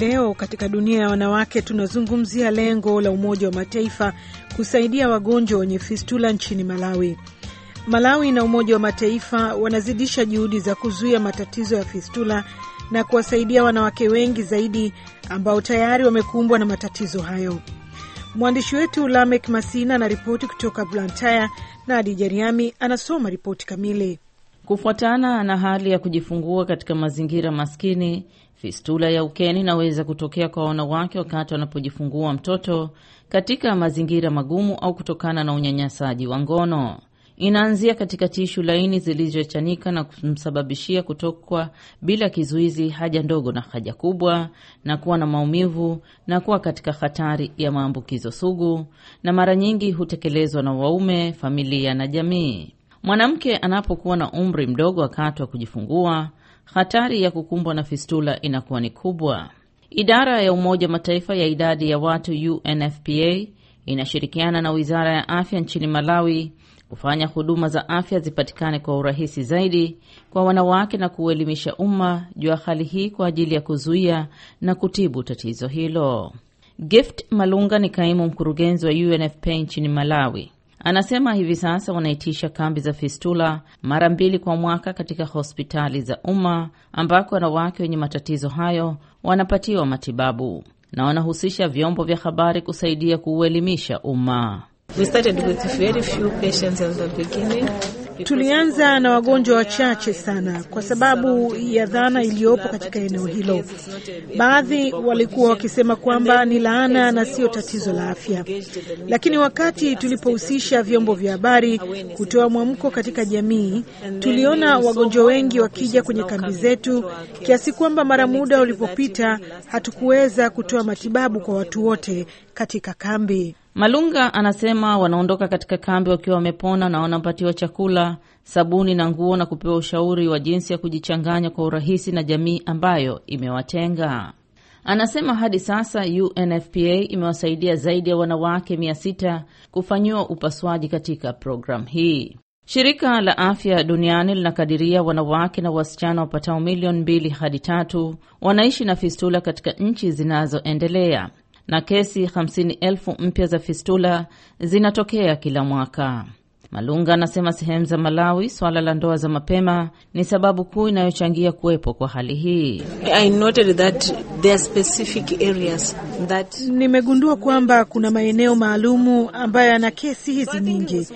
Leo katika dunia ya wanawake tunazungumzia lengo la Umoja wa Mataifa kusaidia wagonjwa wenye fistula nchini Malawi. Malawi na Umoja wa Mataifa wanazidisha juhudi za kuzuia matatizo ya fistula na kuwasaidia wanawake wengi zaidi ambao tayari wamekumbwa na matatizo hayo. Mwandishi wetu Lamek Masina anaripoti kutoka Blantyre na Adi Jeriami anasoma ripoti kamili. Kufuatana na hali ya kujifungua katika mazingira maskini, fistula ya ukeni inaweza kutokea kwa wanawake wakati wanapojifungua mtoto katika mazingira magumu au kutokana na unyanyasaji wa ngono. Inaanzia katika tishu laini zilizochanika na kumsababishia kutokwa bila kizuizi haja ndogo na haja kubwa, na kuwa na maumivu na kuwa katika hatari ya maambukizo sugu, na mara nyingi hutekelezwa na waume, familia na jamii. Mwanamke anapokuwa na umri mdogo wakati wa kujifungua, hatari ya kukumbwa na fistula inakuwa ni kubwa. Idara ya Umoja Mataifa ya idadi ya watu UNFPA inashirikiana na Wizara ya Afya nchini Malawi kufanya huduma za afya zipatikane kwa urahisi zaidi kwa wanawake na kuelimisha umma juu ya hali hii kwa ajili ya kuzuia na kutibu tatizo hilo. Gift Malunga ni kaimu mkurugenzi wa UNFPA nchini Malawi. Anasema hivi sasa wanaitisha kambi za fistula mara mbili kwa mwaka katika hospitali za umma ambako wanawake wenye matatizo hayo wanapatiwa matibabu na wanahusisha vyombo vya habari kusaidia kuuelimisha umma. Tulianza na wagonjwa wachache sana, kwa sababu ya dhana iliyopo katika eneo hilo. Baadhi walikuwa wakisema kwamba ni laana na sio tatizo la afya, lakini wakati tulipohusisha vyombo vya habari kutoa mwamko katika jamii, tuliona wagonjwa wengi wakija kwenye kambi zetu, kiasi kwamba mara muda ulipopita hatukuweza kutoa matibabu kwa watu wote katika kambi. Malunga anasema wanaondoka katika kambi wakiwa wamepona na wanapatiwa chakula, sabuni na nguo na kupewa ushauri wa jinsi ya kujichanganya kwa urahisi na jamii ambayo imewatenga. Anasema hadi sasa UNFPA imewasaidia zaidi ya wanawake 600 kufanyiwa upasuaji katika programu hii. Shirika la Afya Duniani linakadiria wanawake na wasichana wapatao milioni mbili hadi tatu wanaishi na fistula katika nchi zinazoendelea na kesi 50,000 mpya za fistula zinatokea kila mwaka. Malunga anasema sehemu za Malawi swala la ndoa za mapema ni sababu kuu inayochangia kuwepo kwa hali hii. I noted that there are specific areas that... nimegundua kwamba kuna maeneo maalumu ambayo yana kesi hizi nyingi.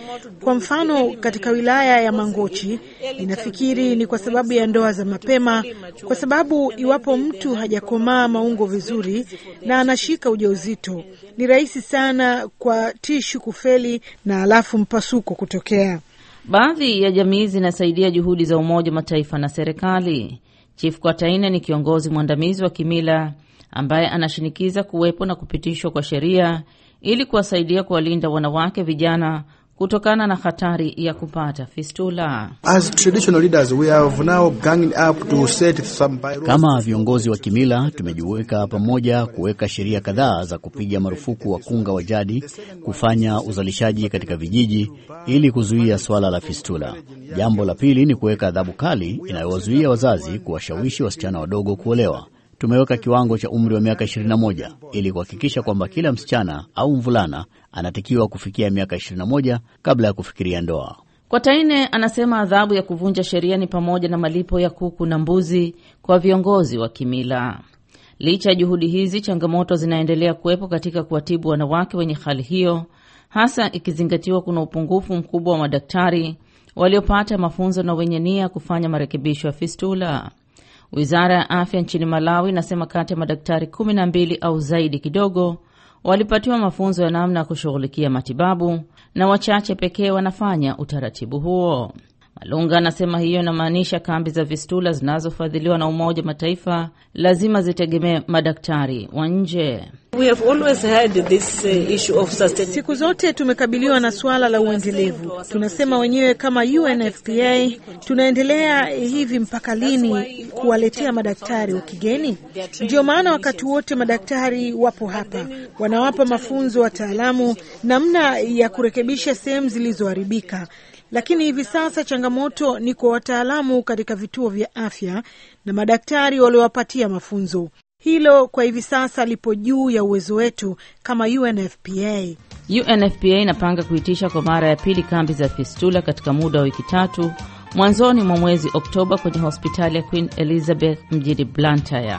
Kwa mfano, katika wilaya ya Mangochi, ninafikiri ni kwa sababu ya ndoa za mapema, kwa sababu iwapo mtu hajakomaa maungo vizuri na anashika ujauzito, ni rahisi sana kwa tishu kufeli na alafu mpasuko kutokea. Baadhi ya jamii zinasaidia juhudi za Umoja wa Mataifa na serikali. Chifu Kwataine ni kiongozi mwandamizi wa kimila ambaye anashinikiza kuwepo na kupitishwa kwa sheria ili kuwasaidia kuwalinda wanawake vijana kutokana na hatari ya kupata fistula. Kama viongozi wa kimila, tumejiweka pamoja kuweka sheria kadhaa za kupiga marufuku wakunga wa jadi kufanya uzalishaji katika vijiji ili kuzuia swala la fistula. Jambo la pili ni kuweka adhabu kali inayowazuia wazazi kuwashawishi wasichana wadogo kuolewa. Tumeweka kiwango cha umri wa miaka 21 ili kuhakikisha kwamba kila msichana au mvulana anatakiwa kufikia miaka 21 kabla ya kufikiria ndoa. Kwataine anasema adhabu ya kuvunja sheria ni pamoja na malipo ya kuku na mbuzi kwa viongozi wa kimila. Licha ya juhudi hizi, changamoto zinaendelea kuwepo katika kuwatibu wanawake wenye hali hiyo, hasa ikizingatiwa kuna upungufu mkubwa wa madaktari waliopata mafunzo na wenye nia kufanya marekebisho ya fistula. Wizara ya afya nchini Malawi inasema kati ya madaktari kumi na mbili au zaidi kidogo walipatiwa mafunzo ya namna ya kushughulikia matibabu na wachache pekee wanafanya utaratibu huo. Malunga anasema hiyo inamaanisha kambi za vistula zinazofadhiliwa na Umoja wa Mataifa lazima zitegemee madaktari wa nje. Uh, Siku zote tumekabiliwa na suala la uendelevu. Tunasema wenyewe kama UNFPA, tunaendelea hivi mpaka lini kuwaletea madaktari wa kigeni? Ndio maana wakati wote madaktari wapo hapa, wanawapa mafunzo wataalamu namna ya kurekebisha sehemu zilizoharibika lakini hivi sasa changamoto ni kwa wataalamu katika vituo vya afya na madaktari waliowapatia mafunzo. Hilo kwa hivi sasa lipo juu ya uwezo wetu kama UNFPA. UNFPA inapanga kuitisha kwa mara ya pili kambi za fistula katika muda wa wiki tatu mwanzoni mwa mwezi Oktoba kwenye hospitali ya Queen Elizabeth mjini Blantyre.